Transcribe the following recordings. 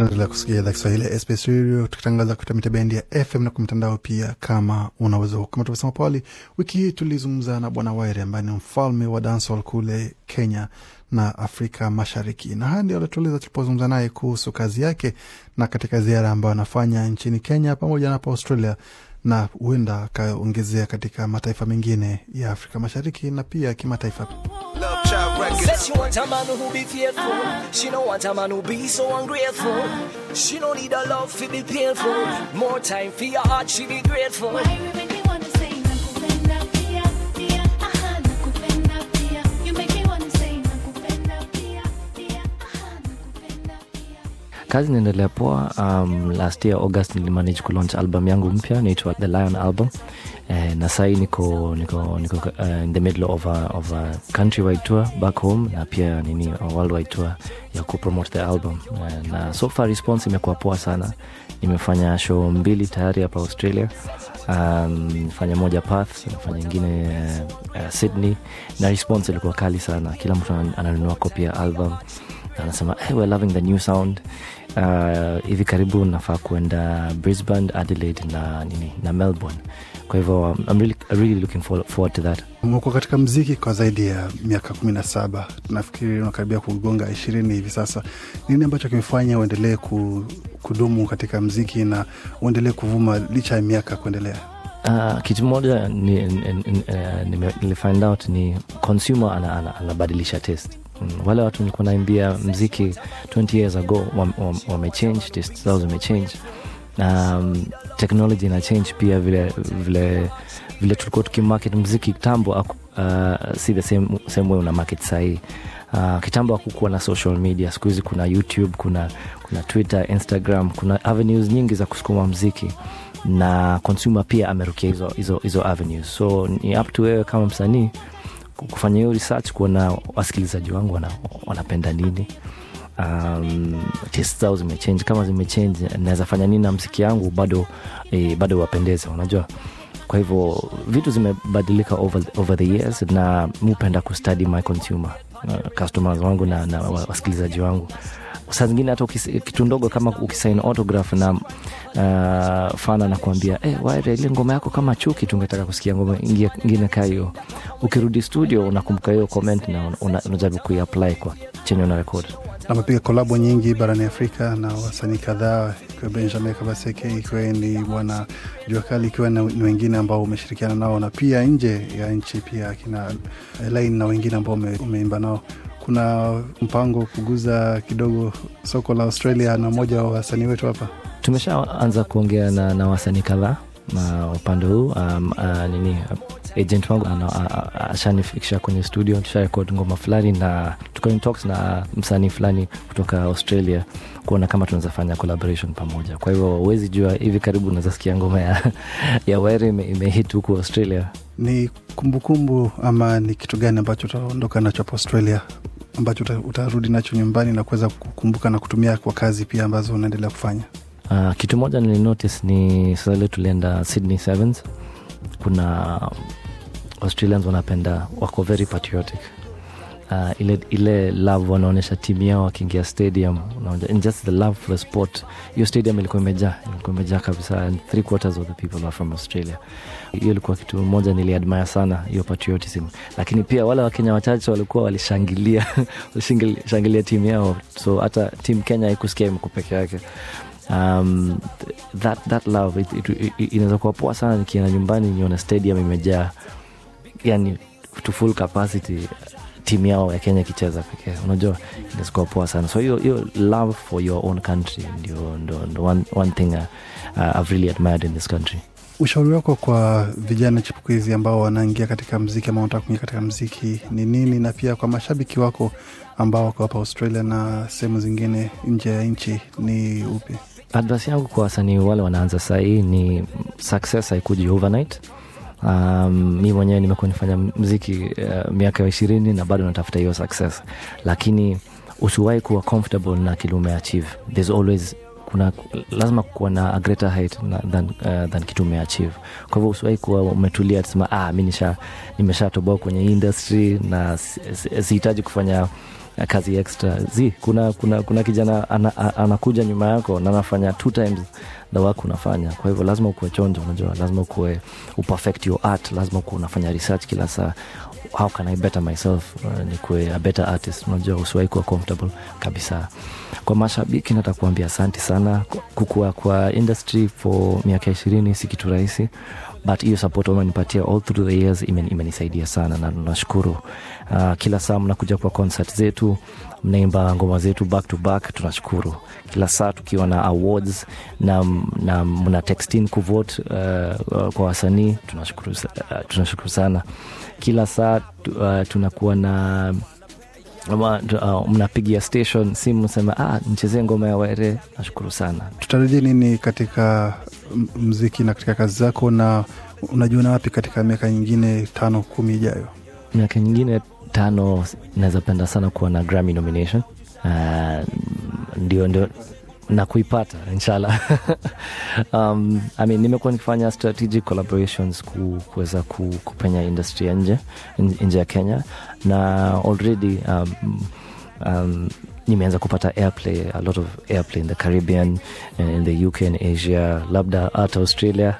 Naendelea kusikia idhaa Kiswahili ya SBS Radio tukitangaza kupita mita bendi ya FM na kwa mitandao pia, kama unaweza kama tuvyosema pawali. Wiki hii tulizungumza na Bwana Wairi ambaye ni mfalme wa dancehall kule Kenya na Afrika Mashariki, na haya ndio alitueleza tulipozungumza naye kuhusu kazi yake na katika ziara ambayo anafanya nchini Kenya pamoja na hapa Australia, na huenda akaongezea katika mataifa mengine ya Afrika Mashariki na pia kimataifa. No. Cause she want a man who be faithful. She don't want a man who be so ungrateful. She don't need a love to be painful. More time for your heart, she be grateful. Why kazi inaendelea poa. Um, last year August nilimanage kulaunch album yangu mpya naitwa The Lion Album Eh, na sahii niko, niko, niko uh, in the middle of a, of a countrywide tour back home na pia nini worldwide tour ya kupromote the album uh, na so far response imekuwa poa sana imefanya show mbili tayari hapa australia um, fanya moja path nafanya ingine uh, uh, Sydney, na response ilikuwa kali sana. Kila mtu ananunua kopi ya album anasema hey, we're loving the new sound uh, hivi karibu nafaa kuenda Brisbane, Adelaide na nini na Melbourne. Kwa hivyo um, really, really looking forward to that. Umekuwa katika mziki kwa zaidi ya miaka kumi na saba, nafikiri unakaribia kugonga ishirini hivi sasa. Nini ambacho kimefanya uendelee kudumu katika mziki na uendelee kuvuma licha ya miaka kuendelea? Uh, kitu moja ni, ni, ni, ni, ni, nilifind out ni consumer anabadilisha ana, ana, test Mm, wale watu nilikuwa naimbia mziki 20 years ago wamechange wa, wa zao zimechange um, teknoloji ina change pia vile vile vile tulikuwa tukimarket mziki kitambo uh, si the same, same way una market sahii uh, kitambo akukuwa na social media siku hizi kuna youtube kuna, kuna twitter instagram kuna avenues nyingi za kusukuma mziki na consumer pia amerukia hizo, hizo avenues so ni up to wewe kama msanii kufanya hiyo research kuona wasikilizaji wangu wana, wanapenda nini um, taste zao zimechange kama zimechange naweza fanya nini na msiki yangu bado eh, bado wapendeze unajua kwa hivyo vitu zimebadilika over, over the years na mupenda kustudy my consumer uh, customers wangu na, na wasikilizaji wangu saa zingine hata kitu ndogo kama ukisain autograph na uh, fana nakuambia hey, eh, waire ile ngoma yako kama chuki tungetaka kusikia ngoma ingine kaa hiyo ukirudi studio unakumbuka hiyo comment na unajaribu una, una kuiapply kwa chenye una rekod amepiga kolabo nyingi barani Afrika na wasanii kadhaa, ikiwa Benjamin Kabaseke, ikiwa ni bwana Jua Kali, ikiwa ni wengine ambao umeshirikiana nao, na pia nje ya nchi pia akina Elaine na wengine ambao umeimba nao kuna mpango kuguza kidogo soko la Australia na mmoja wa wasanii wetu hapa. Tumeshaanza kuongea na, na wasanii kadhaa upande huu um, uh, nini agent wangu ashanifikisha kwenye studio, tusharekod ngoma fulani na tuko talks na msanii fulani kutoka Australia kuona kama tunaweza fanya collaboration pamoja. Kwa hivyo huwezi jua, hivi karibu unaweza sikia ngoma ya, ya Wairi imehit huku Australia. Ni kumbukumbu kumbu, ama ni kitu gani ambacho utaondoka nacho hapa Australia ambacho utarudi nacho nyumbani na kuweza kukumbuka na kutumia kwa kazi pia ambazo unaendelea kufanya? Uh, kitu moja nilinotice ni sasa ile tulienda Sydney Sevens, kuna Australians wanapenda wako very patriotic uh, ile, ile love wanaonyesha timu yao wakiingia stadium and just the love for the sport. Hiyo stadium ilikuwa imejaa, ilikuwa imejaa kabisa and three quarters of the people are from Australia. Hiyo ilikuwa kitu moja niliadmire sana, hiyo patriotism, lakini pia wale Wakenya wachache walikuwa walishangilia shangilia timu yao, so hata timu Kenya haikusikia imko peke yake um, that, that love it, it, it, inaweza kuwa poa sana nikienda nyumbani niona stadium imejaa yani to full capacity timu yao ya kenya ikicheza pekee unajua inaweza kuwa poa sana so hiyo hiyo love for your own country ndio ndo, ndo one, one thing uh, uh, i've really admired in this country ushauri wako kwa vijana chipukizi ambao wanaingia katika mziki ama wanataka kuingia katika mziki ni nini na pia kwa mashabiki wako ambao wako hapa australia na sehemu zingine nje ya nchi ni upi advasi yangu kwa wasanii wale wanaanza sahii ni success haikuji overnight Um, mi mwenyewe nimekuwa nifanya mziki uh, miaka ya ishirini na bado natafuta hiyo success lakini usiwahi kuwa comfortable na kile umeachieve there's always kuna lazima kuwa na a greater height than, uh, than kitu umeachieve kwa hivyo usiwahi kuwa umetulia tusema ah, mi nimeshatoboa kwenye industry na sihitaji kufanya kazi extra. Zi, kuna, kuna, kuna kijana anakuja ana, nyuma yako na anafanya two times the work unafanya. Kwa hivyo lazima ukuwe chonjo, unajua, lazima ukuwe uperfect your art, lazima ukuwe unafanya research kila saa how can I better myself, uh, nikuwe a better artist. Unajua, usiwahi kuwa comfortable kabisa. Kwa mashabiki nata kuambia asanti sana. Kukua kwa industry for miaka ishirini si kitu rahisi, but hiyo support wamenipatia all through the years imenisaidia sana, na nashukuru. Uh, kila saa mnakuja kwa concert zetu, mnaimba ngoma zetu back to back, tunashukuru. Kila saa tukiwa na awards na na mna textin kuvote uh, uh, kwa wasanii tunashukuru, uh, tunashukuru sana. Kila saa uh, tunakuwa na uh, mnapigia station simu sema ah, nichezee ngoma ya were Nashukuru sana. Tutarajie nini katika mziki na katika kazi zako, na unajiona wapi katika miaka nyingine tano kumi ijayo? Miaka nyingine tano naweza penda sana kuwa na Grammy nomination uh, ndio ndio na kuipata inshallah. um, I mean, nimekuwa nikifanya strategic collaborations ku, kuweza ku, kupenya industry ya nje nje ya Kenya na already um, um, nimeanza kupata airplay, a lot of airplay in the Caribbean, eh, in the UK and Asia, labda hata Australia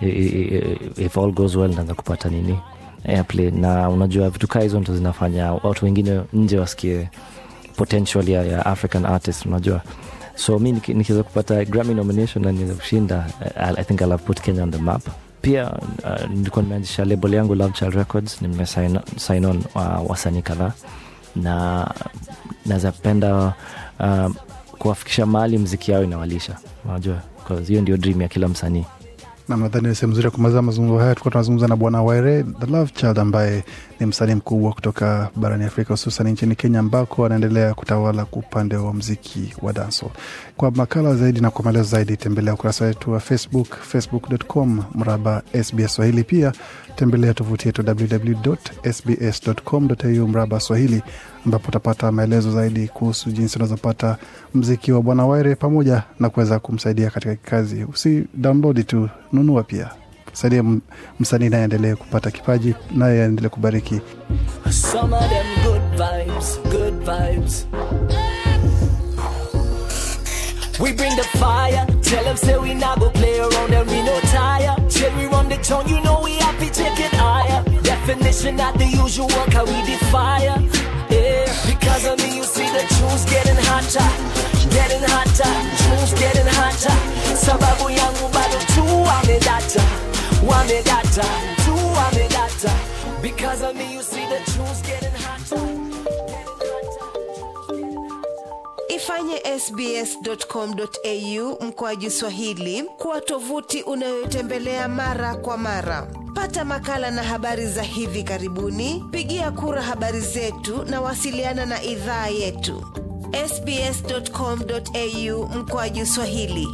if all goes well naanza kupata nini airplay, na unajua vitu kaa hizo ndo zinafanya watu wengine nje wasikie potential ya, ya African artist unajua so mi nikiweza kupata Grammy nomination na niweza kushinda, I think I'll put Kenya on the map. Pia uh, nilikuwa nimeanzisha label yangu Love Child Records, nimesign on uh, wasanii kadhaa na naweza penda uh, kuwafikisha mahali mziki yao inawalisha, unajua hiyo ndio dream ya kila msanii. Nam, nadhani ni sehemu nzuri ya kumaliza mazungumzo haya. Tulikuwa tunazungumza na Bwana Waire the Love Child ambaye ni msanii mkubwa kutoka barani Afrika, hususan nchini Kenya ambako anaendelea kutawala kwa upande wa mziki wa danso. Kwa makala zaidi na kwa maelezo zaidi, tembelea ukurasa wetu wa Facebook, facebook.com mraba SBS Swahili. Pia tembelea tovuti yetu www.sbs.com.au mraba Swahili, ambapo utapata maelezo zaidi kuhusu jinsi unazopata mziki wa Bwana Waire pamoja na kuweza kumsaidia katika kazi. Usi tu, nunua pia, saidia msanii naye aendelee kupata kipaji, naye aendelee kubariki. We bring the fire, tell them say we not go play around and we no tire. Till we run the town, you know definition, not the usual how we defire. Yeah, because of me, you see the tunes getting hotter, getting hotter, tunes getting hotter. Sababu yangu bado tu wamedata, wamedata, tu wamedata. Because of me, you see the tunes getting hotter. ifanye sbs.com.au mkoaji swahili kuwa tovuti unayotembelea mara kwa mara Pata makala na habari za hivi karibuni, pigia kura habari zetu na wasiliana na idhaa yetu sbs.com.au mkoaju Swahili.